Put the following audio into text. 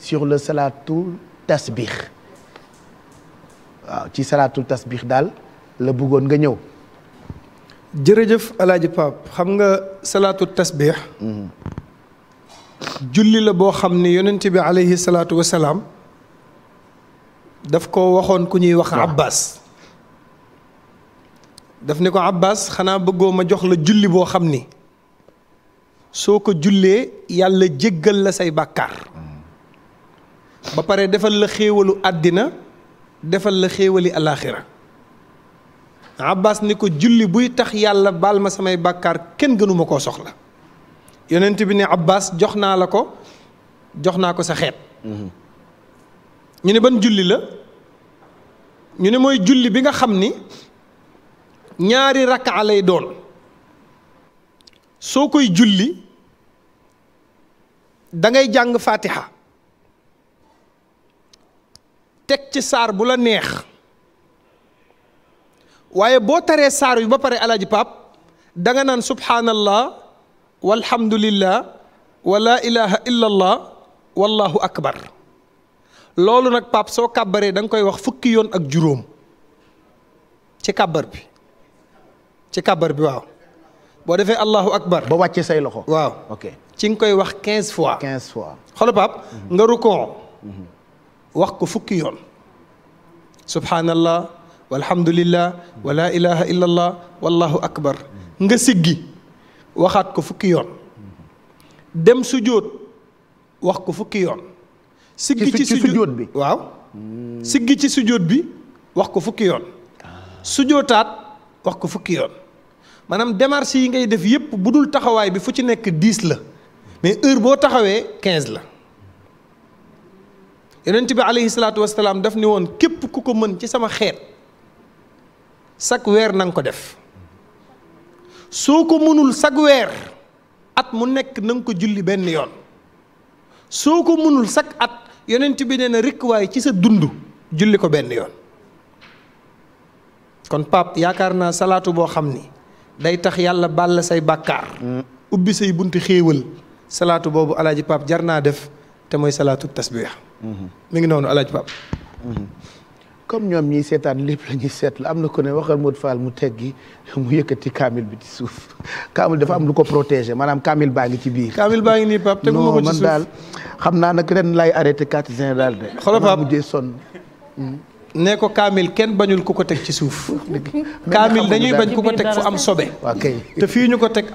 sur le salaatul tasbix waaw ci salaatul tasbix daal la bëggoon nga ñëw jërëjëf alaaji Pape xam nga salaatu tasbix mhm. julli la boo xam ni yonent bi aleyhi salaatu wasalaam daf ko waxoon ku ñuy wax abbas daf ne ko abbas xanaa bëggoo ma jox la julli boo xam ni soo ko jullee yàlla jéggal la say bàkkaar ba pare defal la xéewalu àddina defal la xéewali alaaxira abbas ni ko julli buy tax yàlla baal ma samay bàkkaar kenn gënuma koo soxla yonent bi ne abbas jox naa la ko jox naa ko sa xeet mm-hmm. ñu ne ban julli la ñu ne mooy julli bi nga xam ni ñaari rakka lay doon soo koy julli dangay jàng fatiha ci saar bu la neex waaye boo taree saar yu ba pare alaaji pap danga naan subhaanallah walhamdulillah wa laa ilaha illa allah wallahu akbar loolu nag pap soo kabaree danga koy wax fukki yoon ak juróom ci kàbbar bi ci kàbbar bi waaw boo defee allahu akbar ba wàcce say loxo waaw ok ci nga koy wax quinze fois quinze fois xoolal pap nga rukon mhm. wax ko fukki yoon سبحان الله والحمد لله ولا إله إلا الله والله أكبر nga siggi waxat ko fukki yoon dem sujjóot wax ko fukki yoon siggi ci sujjóot bi waaw siggi ci sujjóot bi wax ko fukki yoon sujjóotaat wax ko fukki yoon manam démarche yi ngay def yépp budul dul taxawaay bi fu ci nekk 10 la mais heure boo taxawee 15 la yonent bi alayhi salaatu salaam daf ni woon képp ku ko mën ci sama xeet sag weer na ko def soo ko mënul sag weer at mu nekk na ko julli benn yoon soo ko mënul sag at yonent bi nee na rikk waaye ci sa dund julli ko benn yoon kon pap yaakaar naa salaatu boo xam ni day tax yàlla bàll say bàkkaar mm. ubbi say bunti xéewal salaatu boobu alaaji pap jar naa def te mooy salaatu tasbiix mi ngi noonu alaaj Pape comme ñoom ñiy seetaan lépp la ñuy seetlu am na ko ne waxal Modou Fall mu teggi mu yëkkati kaamil bi ci suuf kaamil dafa am lu ko protégé maanaam kaamil baa ngi ci biir. kaamil baa ngi nii Pape tegu ma ko ci suuf man daal xam naa nag ren lay arrêté quatre ans daal de. xoolal Pape mujjee sonn. nee ko kaamil kenn bañul ku ko teg ci suuf. kaamil dañuy bañ ku ko teg fu am sobe. waaw kay te fii ñu ko teg.